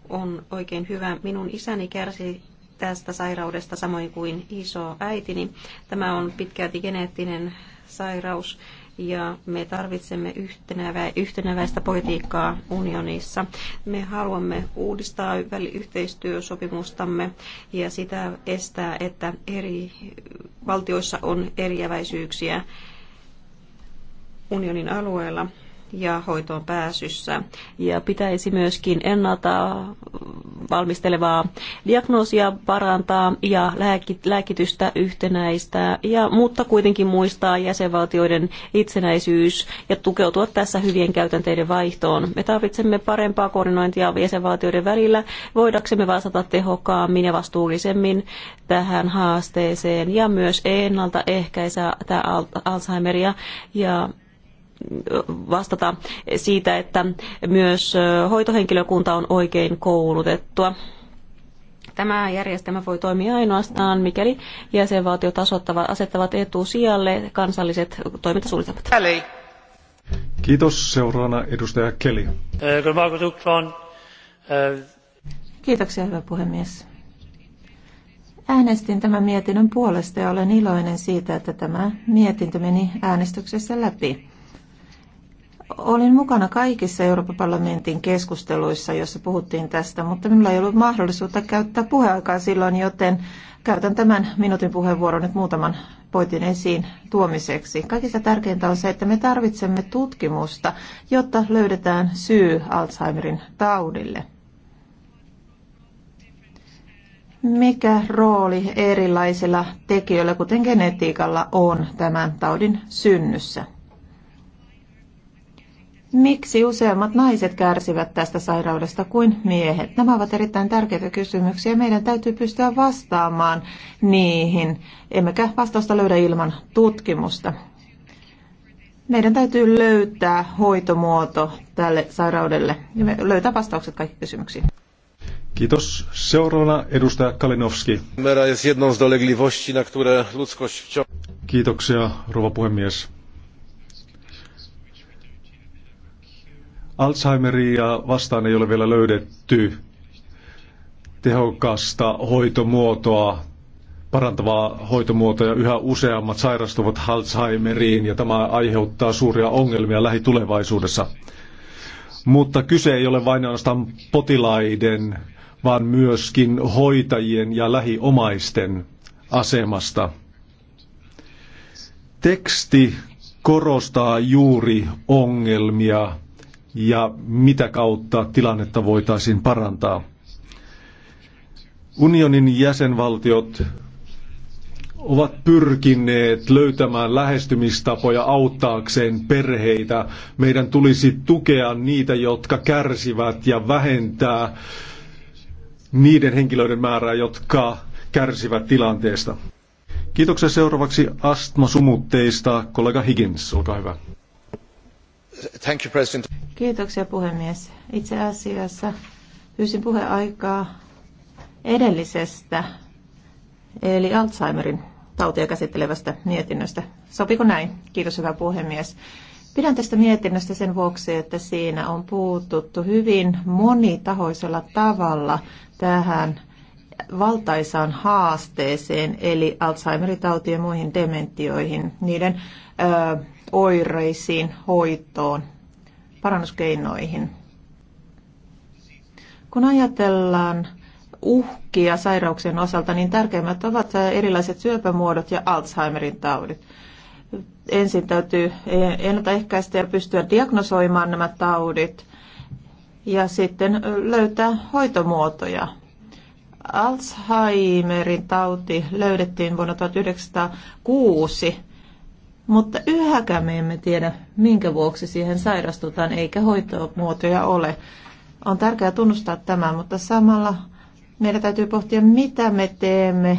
on oikein hyvä. Minun isäni kärsi tästä sairaudesta samoin kuin iso äitini. Tämä on pitkälti geneettinen sairaus ja me tarvitsemme yhtenävä, yhtenäväistä politiikkaa unionissa. Me haluamme uudistaa yhteistyösopimustamme ja sitä estää, että eri valtioissa on eriäväisyyksiä unionin alueella ja hoitoon pääsyssä. Ja pitäisi myöskin ennalta valmistelevaa diagnoosia parantaa ja lääkitystä yhtenäistä, ja, mutta kuitenkin muistaa jäsenvaltioiden itsenäisyys ja tukeutua tässä hyvien käytänteiden vaihtoon. Me tarvitsemme parempaa koordinointia jäsenvaltioiden välillä, voidaksemme vastata tehokkaammin ja vastuullisemmin tähän haasteeseen ja myös ennaltaehkäisää Alzheimeria ja vastata siitä, että myös hoitohenkilökunta on oikein koulutettua. Tämä järjestelmä voi toimia ainoastaan, mikäli jäsenvaltiot asettavat etusijalle kansalliset toimintasuunnitelmat. Kiitos. Seuraavana edustaja Keli. Kiitoksia, hyvä puhemies. Äänestin tämän mietinnön puolesta ja olen iloinen siitä, että tämä mietintö meni äänestyksessä läpi. Olin mukana kaikissa Euroopan parlamentin keskusteluissa, joissa puhuttiin tästä, mutta minulla ei ollut mahdollisuutta käyttää puheaikaa silloin, joten käytän tämän minuutin puheenvuoron nyt muutaman poitin esiin tuomiseksi. Kaikista tärkeintä on se, että me tarvitsemme tutkimusta, jotta löydetään syy Alzheimerin taudille. Mikä rooli erilaisilla tekijöillä, kuten genetiikalla, on tämän taudin synnyssä? Miksi useammat naiset kärsivät tästä sairaudesta kuin miehet? Nämä ovat erittäin tärkeitä kysymyksiä. Meidän täytyy pystyä vastaamaan niihin, emmekä vastausta löydä ilman tutkimusta. Meidän täytyy löytää hoitomuoto tälle sairaudelle ja me löytää vastaukset kaikki kysymyksiin. Kiitos. Seuraavana edustaja Kalinowski. Kiitoksia, rouva puhemies. Alzheimeria vastaan ei ole vielä löydetty tehokasta hoitomuotoa, parantavaa hoitomuotoa ja yhä useammat sairastuvat Alzheimeriin ja tämä aiheuttaa suuria ongelmia lähitulevaisuudessa. Mutta kyse ei ole vain ainoastaan potilaiden, vaan myöskin hoitajien ja lähiomaisten asemasta. Teksti korostaa juuri ongelmia ja mitä kautta tilannetta voitaisiin parantaa. Unionin jäsenvaltiot ovat pyrkineet löytämään lähestymistapoja auttaakseen perheitä. Meidän tulisi tukea niitä, jotka kärsivät ja vähentää niiden henkilöiden määrää, jotka kärsivät tilanteesta. Kiitoksia seuraavaksi astmasumutteista. Kollega Higgins, olkaa hyvä. Thank you, President. Kiitoksia puhemies. Itse asiassa pyysin puheaikaa edellisestä, eli Alzheimerin tautia käsittelevästä mietinnöstä. Sopiko näin? Kiitos hyvä puhemies. Pidän tästä mietinnöstä sen vuoksi, että siinä on puututtu hyvin monitahoisella tavalla tähän valtaisaan haasteeseen, eli Alzheimer-tautiin ja muihin dementioihin, niiden ö, oireisiin, hoitoon, parannuskeinoihin. Kun ajatellaan uhkia sairauksien osalta, niin tärkeimmät ovat erilaiset syöpämuodot ja Alzheimerin taudit. Ensin täytyy e, ennaltaehkäistä ja pystyä diagnosoimaan nämä taudit ja sitten löytää hoitomuotoja Alzheimerin tauti löydettiin vuonna 1906, mutta yhäkään me emme tiedä, minkä vuoksi siihen sairastutaan, eikä hoitomuotoja ole. On tärkeää tunnustaa tämä, mutta samalla meidän täytyy pohtia, mitä me teemme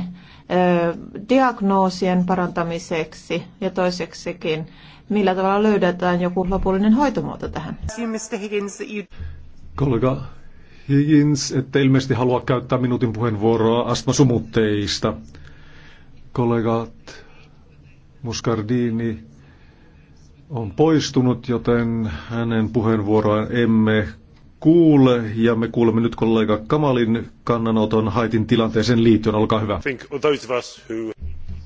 diagnoosien parantamiseksi ja toiseksikin, millä tavalla löydetään joku lopullinen hoitomuoto tähän. Kollega Higgins, että ilmeisesti halua käyttää minuutin puheenvuoroa astmasumutteista. Kollegat Muscardini on poistunut, joten hänen puheenvuoroaan emme kuule, ja me kuulemme nyt kollega Kamalin kannanoton Haitin tilanteeseen liittyen. Olkaa hyvä.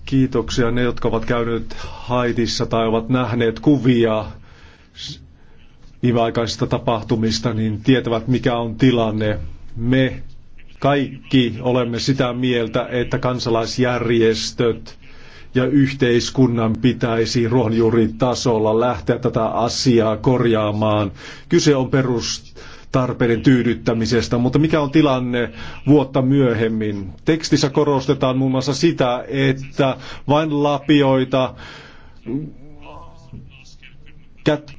Kiitoksia ne, jotka ovat käyneet Haitissa tai ovat nähneet kuvia viimeaikaisista tapahtumista, niin tietävät mikä on tilanne. Me kaikki olemme sitä mieltä, että kansalaisjärjestöt ja yhteiskunnan pitäisi ruohonjuuritasolla lähteä tätä asiaa korjaamaan. Kyse on perustarpeiden tyydyttämisestä, mutta mikä on tilanne vuotta myöhemmin? Tekstissä korostetaan muun muassa sitä, että vain lapioita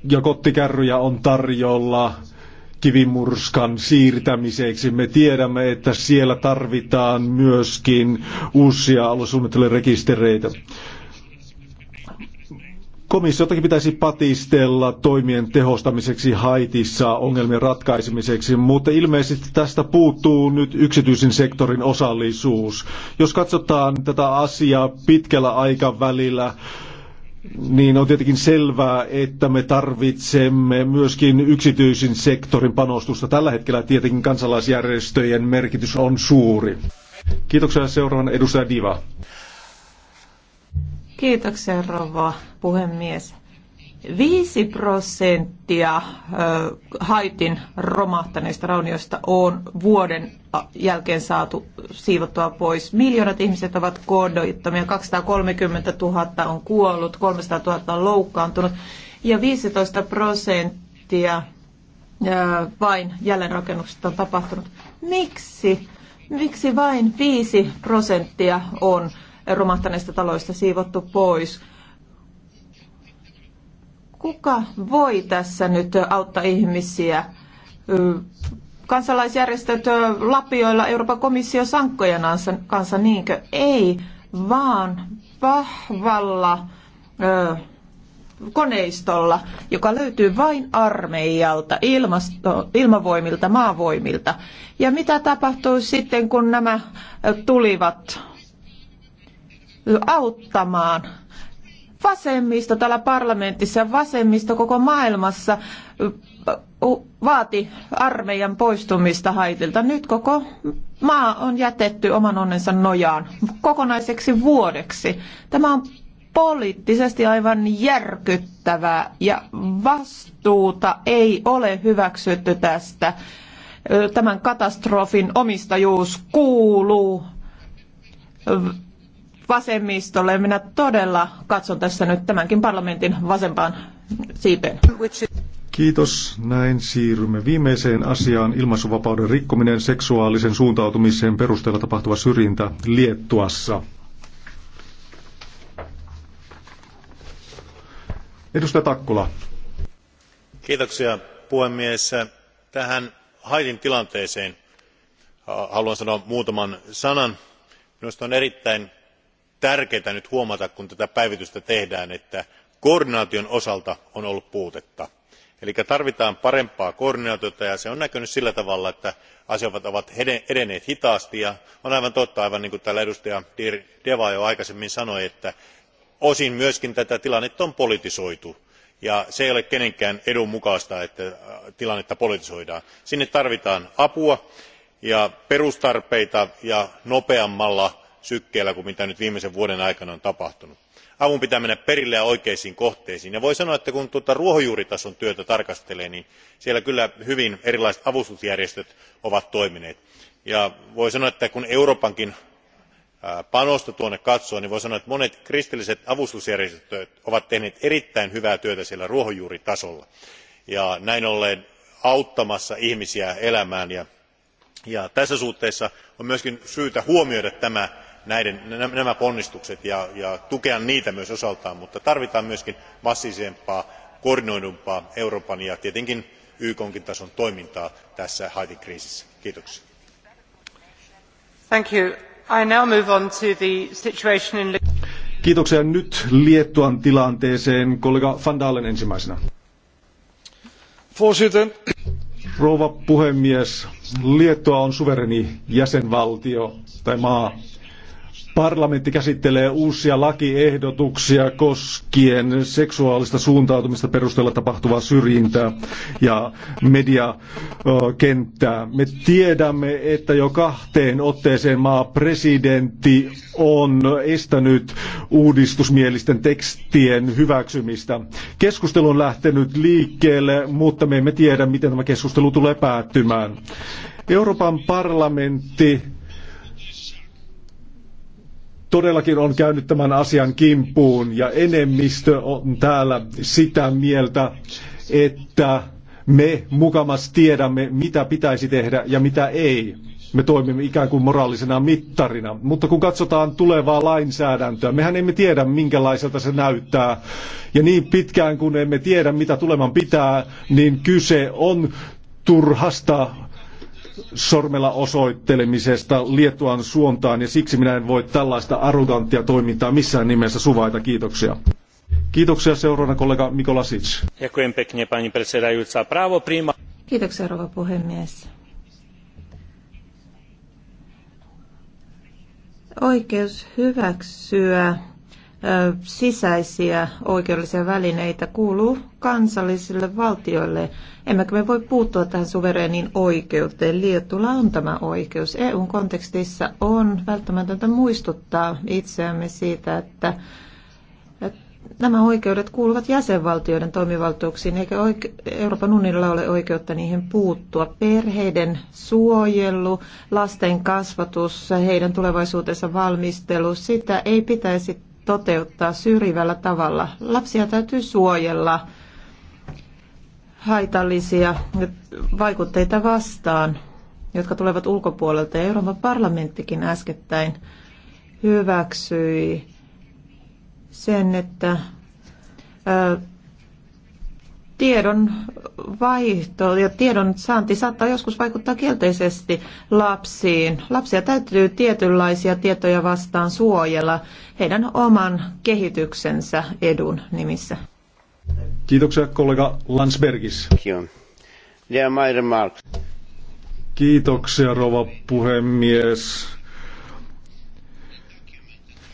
ja kottikärryjä on tarjolla kivimurskan siirtämiseksi. Me tiedämme, että siellä tarvitaan myöskin uusia rekistereitä. Komissiotakin pitäisi patistella toimien tehostamiseksi Haitissa ongelmien ratkaisemiseksi, mutta ilmeisesti tästä puuttuu nyt yksityisen sektorin osallisuus. Jos katsotaan tätä asiaa pitkällä aikavälillä, niin on tietenkin selvää, että me tarvitsemme myöskin yksityisen sektorin panostusta. Tällä hetkellä tietenkin kansalaisjärjestöjen merkitys on suuri. Kiitoksia seuraavan edustaja Diva. Kiitoksia rouva puhemies. 5 prosenttia Haitin romahtaneista raunioista on vuoden jälkeen saatu siivottua pois. Miljoonat ihmiset ovat koodoittomia, 230 000 on kuollut, 300 000 on loukkaantunut ja 15 prosenttia vain jälleenrakennuksesta on tapahtunut. Miksi? Miksi vain 5 prosenttia on romahtaneista taloista siivottu pois? kuka voi tässä nyt auttaa ihmisiä? Kansalaisjärjestöt lapioilla Euroopan komissio sankkojen kanssa, niinkö? Ei, vaan vahvalla ö, koneistolla, joka löytyy vain armeijalta, ilmasto, ilmavoimilta, maavoimilta. Ja mitä tapahtui sitten, kun nämä tulivat auttamaan vasemmisto täällä parlamentissa ja vasemmisto koko maailmassa vaati armeijan poistumista Haitilta. Nyt koko maa on jätetty oman onnensa nojaan kokonaiseksi vuodeksi. Tämä on poliittisesti aivan järkyttävää ja vastuuta ei ole hyväksytty tästä. Tämän katastrofin omistajuus kuuluu vasemmistolle. Minä todella katson tässä nyt tämänkin parlamentin vasempaan siipeen. Kiitos. Näin siirrymme viimeiseen asiaan. Ilmaisuvapauden rikkominen, seksuaalisen suuntautumiseen perusteella tapahtuva syrjintä Liettuassa. Edustaja Takkula. Kiitoksia puhemies. Tähän Haitin tilanteeseen äh, haluan sanoa muutaman sanan. Minusta on erittäin tärkeää nyt huomata kun tätä päivitystä tehdään että koordinaation osalta on ollut puutetta eli tarvitaan parempaa koordinaatiota ja se on näkynyt sillä tavalla että asiat ovat edenneet hitaasti ja on aivan totta aivan niin kuin täällä edustaja deva jo aikaisemmin sanoi että osin myös tätä tilannetta on politisoitu ja se ei ole kenenkään edun mukaista että tilannetta politisoidaan. sinne tarvitaan apua ja perustarpeita ja nopeammalla sykkeellä kuin mitä nyt viimeisen vuoden aikana on tapahtunut. avun pitää mennä perille ja oikeisiin kohteisiin ja voi sanoa että kun tuota ruohonjuuritason työtä tarkastelee niin siellä kyllä hyvin erilaiset avustusjärjestöt ovat toimineet ja voi sanoa että kun euroopankin panosta tuonne katsoo niin voi sanoa että monet kristilliset avustusjärjestöt ovat tehneet erittäin hyvää työtä siellä ruohonjuuritasolla ja näin ollen auttamassa ihmisiä elämään ja tässä suhteessa on myös syytä huomioida tämä nämä ponnistukset ja tukea niitä myös osaltaan mutta tarvitaan myös massiivisempaa koordinoidumpaa euroopan ja tietenkin ykn tason toimintaa tässä haitin kriisissä. Kiitoksia. Nyt Liettuan tilanteeseen. Kollega Van Dalen ensimmäisenä. Voorzitter. Rouva puhemies, Liettua on suvereni jäsenvaltio tai maa. Parlamentti käsittelee uusia lakiehdotuksia koskien seksuaalista suuntautumista perusteella tapahtuvaa syrjintää ja mediakenttää. Me tiedämme, että jo kahteen otteeseen maa presidentti on estänyt uudistusmielisten tekstien hyväksymistä. Keskustelu on lähtenyt liikkeelle, mutta me emme tiedä, miten tämä keskustelu tulee päättymään. Euroopan parlamentti todellakin on käynyt tämän asian kimppuun ja enemmistö on täällä sitä mieltä, että me mukamas tiedämme, mitä pitäisi tehdä ja mitä ei. Me toimimme ikään kuin moraalisena mittarina. Mutta kun katsotaan tulevaa lainsäädäntöä, mehän emme tiedä, minkälaiselta se näyttää. Ja niin pitkään, kun emme tiedä, mitä tuleman pitää, niin kyse on turhasta sormella osoittelemisesta Liettuan suuntaan ja siksi minä en voi tällaista arroganttia toimintaa missään nimessä suvaita. Kiitoksia. Kiitoksia seuraavana kollega Mikola Sic. Kiitoksia rouva puhemies. Oikeus hyväksyä sisäisiä oikeudellisia välineitä kuuluu kansallisille valtioille. Emmekä me voi puuttua tähän suvereeniin oikeuteen. Liettula on tämä oikeus. EUn kontekstissa on välttämätöntä muistuttaa itseämme siitä, että nämä oikeudet kuuluvat jäsenvaltioiden toimivaltuuksiin, eikä Euroopan unionilla ole oikeutta niihin puuttua. Perheiden suojelu, lasten kasvatus, heidän tulevaisuutensa valmistelu, sitä ei pitäisi toteuttaa syrjivällä tavalla. Lapsia täytyy suojella haitallisia vaikutteita vastaan, jotka tulevat ulkopuolelta. Euroopan parlamenttikin äskettäin hyväksyi sen, että tiedon vaihto ja tiedon saanti saattaa joskus vaikuttaa kielteisesti lapsiin. Lapsia täytyy tietynlaisia tietoja vastaan suojella heidän oman kehityksensä edun nimissä. Kiitoksia kollega Landsbergis. Kiitoksia rouva puhemies.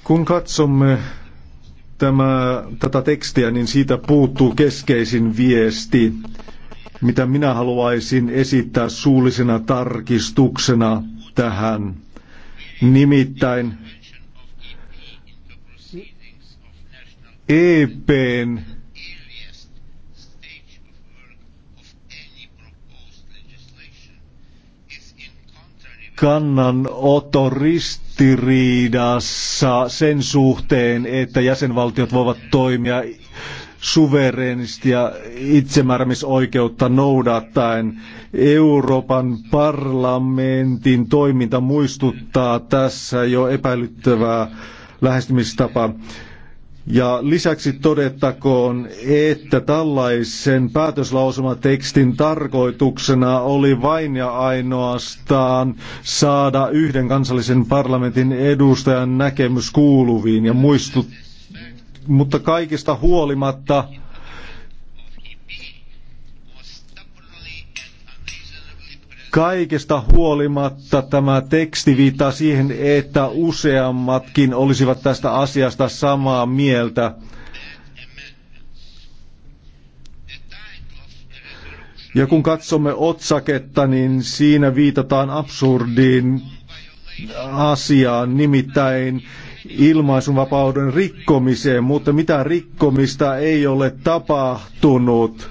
Kun katsomme tämä, tätä tekstiä, niin siitä puuttuu keskeisin viesti, mitä minä haluaisin esittää suullisena tarkistuksena tähän. Nimittäin EPn kannanotto ristiriidassa sen suhteen, että jäsenvaltiot voivat toimia suvereenisti ja itsemääräämisoikeutta noudattaen. Euroopan parlamentin toiminta muistuttaa tässä jo epäilyttävää lähestymistapaa. Ja lisäksi todettakoon, että tällaisen päätöslausumatekstin tarkoituksena oli vain ja ainoastaan saada yhden kansallisen parlamentin edustajan näkemys kuuluviin ja muistut, mutta kaikista huolimatta Kaikesta huolimatta tämä teksti viittaa siihen, että useammatkin olisivat tästä asiasta samaa mieltä. Ja kun katsomme otsaketta, niin siinä viitataan absurdiin asiaan, nimittäin ilmaisunvapauden rikkomiseen, mutta mitä rikkomista ei ole tapahtunut.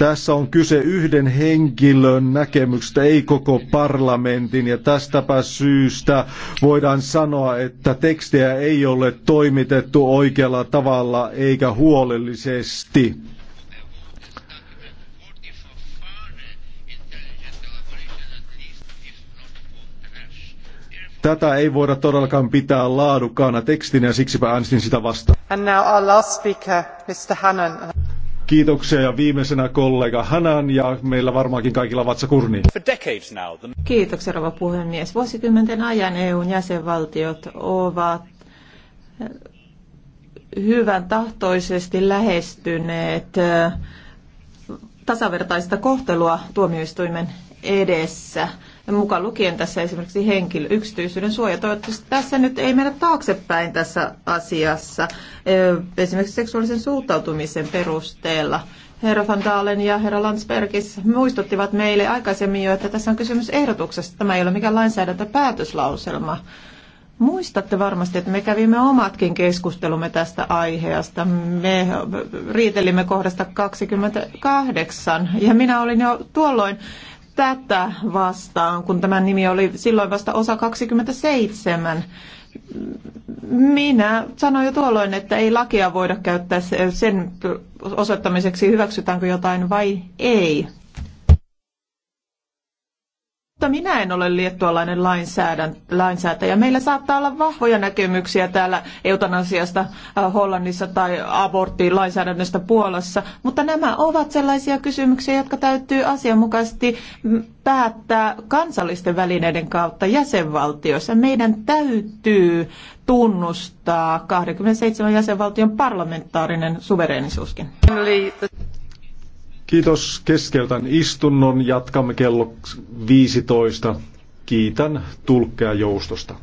Tässä on kyse yhden henkilön näkemyksestä, ei koko parlamentin, ja tästäpä syystä voidaan sanoa, että tekstiä ei ole toimitettu oikealla tavalla eikä huolellisesti. Tätä ei voida todellakaan pitää laadukkaana tekstinä, siksipä äänestin sitä vastaan. And now our last speaker, Mr. Kiitoksia ja viimeisenä kollega Hanan ja meillä varmaankin kaikilla vatsakurni. Kiitoksia rouva puhemies. Vuosikymmenten ajan EUn jäsenvaltiot ovat hyvän tahtoisesti lähestyneet tasavertaista kohtelua tuomioistuimen edessä mukaan lukien tässä esimerkiksi henkilö, yksityisyyden suoja. Toivottavasti tässä nyt ei mennä taaksepäin tässä asiassa, esimerkiksi seksuaalisen suuntautumisen perusteella. Herra Van Dalen ja herra Landsbergis muistuttivat meille aikaisemmin jo, että tässä on kysymys ehdotuksesta. Tämä ei ole mikään lainsäädäntöpäätöslauselma. Muistatte varmasti, että me kävimme omatkin keskustelumme tästä aiheesta. Me riitelimme kohdasta 28 ja minä olin jo tuolloin tätä vastaan, kun tämä nimi oli silloin vasta osa 27. Minä sanoin jo tuolloin, että ei lakia voida käyttää sen osoittamiseksi, hyväksytäänkö jotain vai ei mutta minä en ole liettualainen lainsäätäjä. Meillä saattaa olla vahvoja näkemyksiä täällä eutanasiasta äh, Hollannissa tai lainsäädännöstä Puolassa, mutta nämä ovat sellaisia kysymyksiä, jotka täytyy asianmukaisesti päättää kansallisten välineiden kautta jäsenvaltioissa. Meidän täytyy tunnustaa 27 jäsenvaltion parlamentaarinen suvereenisuuskin. Kiitos. Keskeytän istunnon. Jatkamme kello 15. Kiitän tulkkeja joustosta.